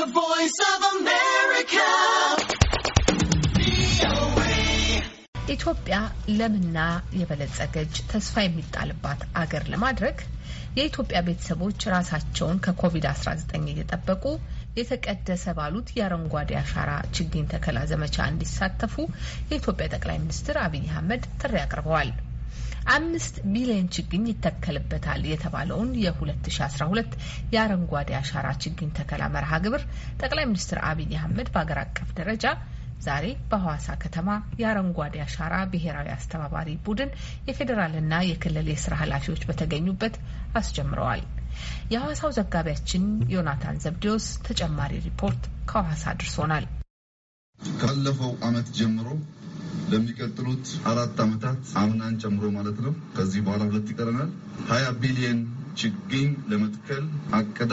The Voice of America. ኢትዮጵያ ለምና የበለጸገች ተስፋ የሚጣልባት አገር ለማድረግ የኢትዮጵያ ቤተሰቦች ራሳቸውን ከኮቪድ-19 እየጠበቁ የተቀደሰ ባሉት የአረንጓዴ አሻራ ችግኝ ተከላ ዘመቻ እንዲሳተፉ የኢትዮጵያ ጠቅላይ ሚኒስትር አብይ አህመድ ጥሪ አቅርበዋል። አምስት ቢሊዮን ችግኝ ይተከልበታል የተባለውን የ2012 የአረንጓዴ አሻራ ችግኝ ተከላ መርሃ ግብር ጠቅላይ ሚኒስትር አብይ አህመድ በሀገር አቀፍ ደረጃ ዛሬ በሐዋሳ ከተማ የአረንጓዴ አሻራ ብሔራዊ አስተባባሪ ቡድን የፌዴራልና የክልል የስራ ኃላፊዎች በተገኙበት አስጀምረዋል። የሐዋሳው ዘጋቢያችን ዮናታን ዘብዲዮስ ተጨማሪ ሪፖርት ከሐዋሳ አድርሶናል። ካለፈው ዓመት ጀምሮ ለሚቀጥሉት አራት ዓመታት አምናን ጨምሮ ማለት ነው። ከዚህ በኋላ ሁለት ይቀረናል። ሀያ ቢሊየን ችግኝ ለመትከል አቅዳ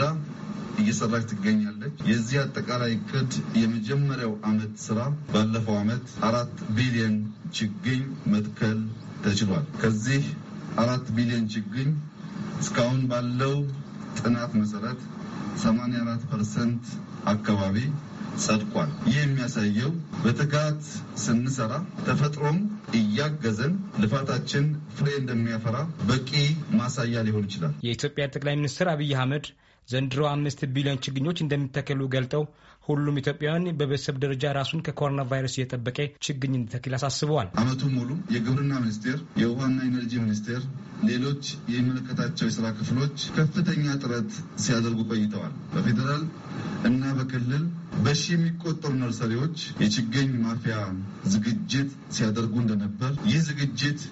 እየሰራች ትገኛለች። የዚህ አጠቃላይ እቅድ የመጀመሪያው ዓመት ስራ ባለፈው ዓመት አራት ቢሊየን ችግኝ መትከል ተችሏል። ከዚህ አራት ቢሊዮን ችግኝ እስካሁን ባለው ጥናት መሰረት 84 ፐርሰንት አካባቢ ጸድቋል። ይህ የሚያሳየው በትጋት ስንሰራ ተፈጥሮም እያገዘን ልፋታችን ፍሬ እንደሚያፈራ በቂ ማሳያ ሊሆን ይችላል። የኢትዮጵያ ጠቅላይ ሚኒስትር አብይ አህመድ ዘንድሮ አምስት ቢሊዮን ችግኞች እንደሚተከሉ ገልጠው ሁሉም ኢትዮጵያውያን በቤተሰብ ደረጃ ራሱን ከኮሮና ቫይረስ እየጠበቀ ችግኝ እንዲተክል አሳስበዋል። አመቱ ሙሉ የግብርና ሚኒስቴር፣ የውሃና ኢነርጂ ሚኒስቴር፣ ሌሎች የሚመለከታቸው የስራ ክፍሎች ከፍተኛ ጥረት ሲያደርጉ ቆይተዋል። በፌዴራል እና በክልል በሺ የሚቆጠሩ ነርሰሪዎች የችግኝ ማፍያ ዝግጅት ሲያደርጉ እንደነበር ይህ ዝግጅት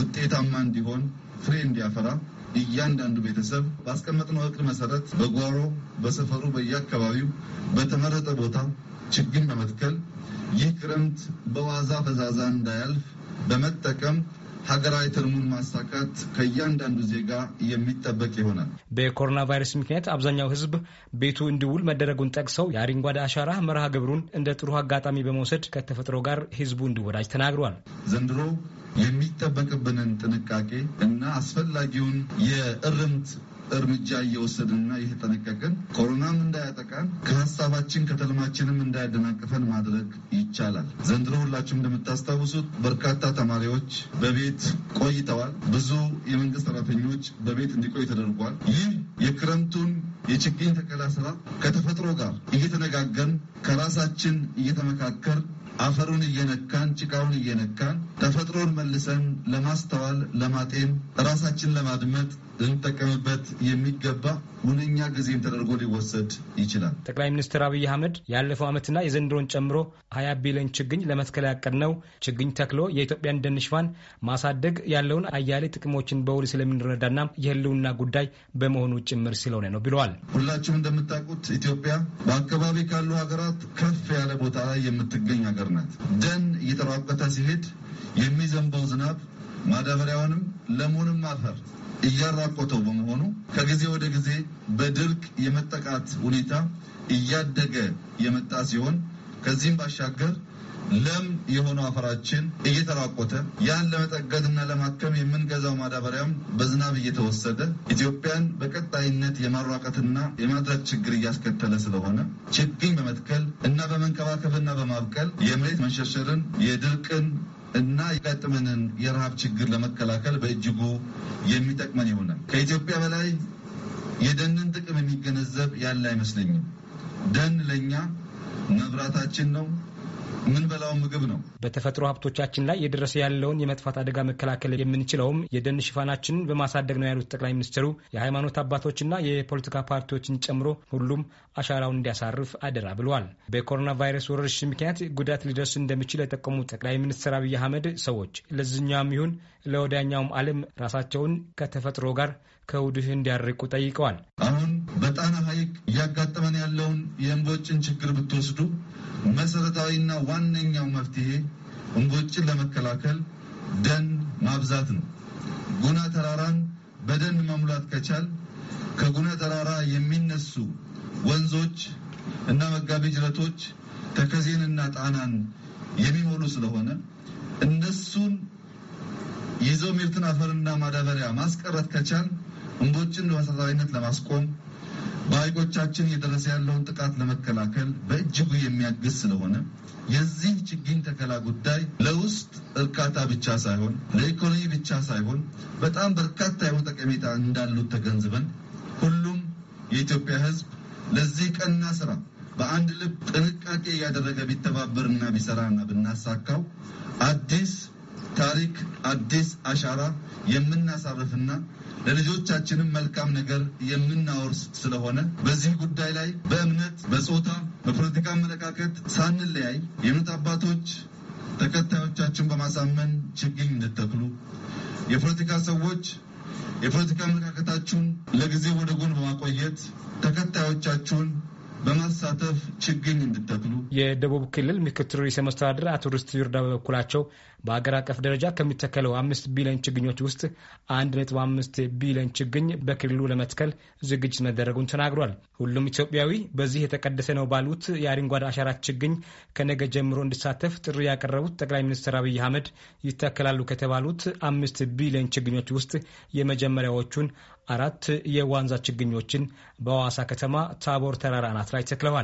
ውጤታማ እንዲሆን ፍሬ እንዲያፈራ እያንዳንዱ ቤተሰብ ባስቀመጥነው እቅድ መሰረት በጓሮ በሰፈሩ በየአካባቢው በተመረጠ ቦታ ችግኝ በመትከል ይህ ክረምት በዋዛ ፈዛዛ እንዳያልፍ በመጠቀም ሀገራዊ ትርሙን ማሳካት ከእያንዳንዱ ዜጋ የሚጠበቅ ይሆናል። በኮሮና ቫይረስ ምክንያት አብዛኛው ሕዝብ ቤቱ እንዲውል መደረጉን ጠቅሰው የአረንጓዴ አሻራ መርሃ ግብሩን እንደ ጥሩ አጋጣሚ በመውሰድ ከተፈጥሮ ጋር ሕዝቡ እንዲወዳጅ ተናግሯል። ዘንድሮ የሚጠበቅብን ጥንቃቄ እና አስፈላጊውን የእርምት እርምጃ እየወሰድንና እየተጠነቀቅን ኮሮናም እንዳያጠቃን ከሀሳባችን ከተልማችንም እንዳያደናቅፈን ማድረግ ይቻላል። ዘንድሮ ሁላችሁም እንደምታስታውሱት በርካታ ተማሪዎች በቤት ቆይተዋል። ብዙ የመንግስት ሰራተኞች በቤት እንዲቆይ ተደርጓል። ይህ የክረምቱን የችግኝ ተከላ ስራ ከተፈጥሮ ጋር እየተነጋገርን ከራሳችን እየተመካከር አፈሩን እየነካን ጭቃውን እየነካን ተፈጥሮን መልሰን ለማስተዋል ለማጤን ራሳችን ለማድመጥ ልንጠቀምበት የሚገባ ሁነኛ ጊዜም ተደርጎ ሊወሰድ ይችላል። ጠቅላይ ሚኒስትር አብይ አህመድ ያለፈው ዓመትና የዘንድሮን ጨምሮ ሀያ ቢሊዮን ችግኝ ለመትከል ያቀድ ነው ችግኝ ተክሎ የኢትዮጵያን ደን ሽፋን ማሳደግ ያለውን አያሌ ጥቅሞችን በውል ስለምንረዳና የህልውና ጉዳይ በመሆኑ ጭምር ስለሆነ ነው ብለዋል። ሁላችሁም እንደምታውቁት ኢትዮጵያ በአካባቢ ካሉ ሀገራት ከፍ ያለ ቦታ ላይ የምትገኝ ሀገር ናት። ደን እየተራቆተ ሲሄድ የሚዘንበው ዝናብ ማዳበሪያውንም ለሙንም አፈር እያራቆተው በመሆኑ ከጊዜ ወደ ጊዜ በድርቅ የመጠቃት ሁኔታ እያደገ የመጣ ሲሆን ከዚህም ባሻገር ለም የሆነው አፈራችን እየተራቆተ ያን ለመጠገድና ለማከም የምንገዛው ማዳበሪያም በዝናብ እየተወሰደ ኢትዮጵያን በቀጣይነት የማራቀትና የማድረግ ችግር እያስከተለ ስለሆነ ችግኝ በመትከል እና በመንከባከብና በማብቀል የመሬት መንሸርሸርን፣ የድርቅን እና የገጠመንን የረሃብ ችግር ለመከላከል በእጅጉ የሚጠቅመን ይሆናል። ከኢትዮጵያ በላይ የደንን ጥቅም የሚገነዘብ ያለ አይመስለኝም። ደን ለእኛ መብራታችን ነው፣ የምንበላው ምግብ ነው። በተፈጥሮ ሀብቶቻችን ላይ የደረሰ ያለውን የመጥፋት አደጋ መከላከል የምንችለውም የደን ሽፋናችንን በማሳደግ ነው ያሉት ጠቅላይ ሚኒስትሩ የሃይማኖት አባቶችና የፖለቲካ ፓርቲዎችን ጨምሮ ሁሉም አሻራውን እንዲያሳርፍ አደራ ብለዋል። በኮሮና ቫይረስ ወረርሽኝ ምክንያት ጉዳት ሊደርስ እንደሚችል የጠቀሙ ጠቅላይ ሚኒስትር አብይ አህመድ ሰዎች ለዚኛውም ይሁን ለወዳኛውም ዓለም ራሳቸውን ከተፈጥሮ ጋር ከውድህ እንዲያርቁ ጠይቀዋል። አሁን በጣና ሐይቅ እያጋጠመን ያለውን የእንቦጭን ችግር ብትወስዱ መሰረታዊና ዋነኛው መፍትሄ እንቦጭን ለመከላከል ደን ማብዛት ነው። ጉና ተራራን በደን መሙላት ከቻል ከጉና ተራራ የሚነሱ ወንዞች እና መጋቢ ጅረቶች ተከዜንና ጣናን የሚሞሉ ስለሆነ እነሱን ይዘው ሚርትን አፈርና ማዳበሪያ ማስቀረት ከቻል እንቦጭን በመሰረታዊነት ለማስቆም በሀይቆቻችን እየደረሰ ያለውን ጥቃት ለመከላከል በእጅጉ የሚያግዝ ስለሆነ የዚህ ችግኝ ተከላ ጉዳይ ለውስጥ እርካታ ብቻ ሳይሆን ለኢኮኖሚ ብቻ ሳይሆን በጣም በርካታ የሆነ ጠቀሜታ እንዳሉት ተገንዝበን ሁሉም የኢትዮጵያ ሕዝብ ለዚህ ቀና ስራ በአንድ ልብ ጥንቃቄ እያደረገ ቢተባበርና ቢሰራና ብናሳካው አዲስ ታሪክ አዲስ አሻራ የምናሳርፍና ለልጆቻችንም መልካም ነገር የምናወርስ ስለሆነ በዚህ ጉዳይ ላይ በእምነት፣ በጾታ፣ በፖለቲካ አመለካከት ሳንለያይ የእምነት አባቶች ተከታዮቻችን በማሳመን ችግኝ እንድተክሉ የፖለቲካ ሰዎች የፖለቲካ አመለካከታችሁን ለጊዜው ወደ ጎን በማቆየት ተከታዮቻችሁን በማ በመሳተፍ ችግኝ እንዲተክሉ። የደቡብ ክልል ምክትል ርዕሰ መስተዳድር አቶ ርስቱ ይርዳ በበኩላቸው በአገር አቀፍ ደረጃ ከሚተከለው አምስት ቢሊዮን ችግኞች ውስጥ አንድ ነጥብ አምስት ቢሊዮን ችግኝ በክልሉ ለመትከል ዝግጅት መደረጉን ተናግሯል። ሁሉም ኢትዮጵያዊ በዚህ የተቀደሰ ነው ባሉት የአረንጓዴ አሻራ ችግኝ ከነገ ጀምሮ እንዲሳተፍ ጥሪ ያቀረቡት ጠቅላይ ሚኒስትር አብይ አህመድ ይተከላሉ ከተባሉት አምስት ቢሊዮን ችግኞች ውስጥ የመጀመሪያዎቹን አራት የዋንዛ ችግኞችን በሐዋሳ ከተማ ታቦር ተራራ አናት ላይ ተክለዋል።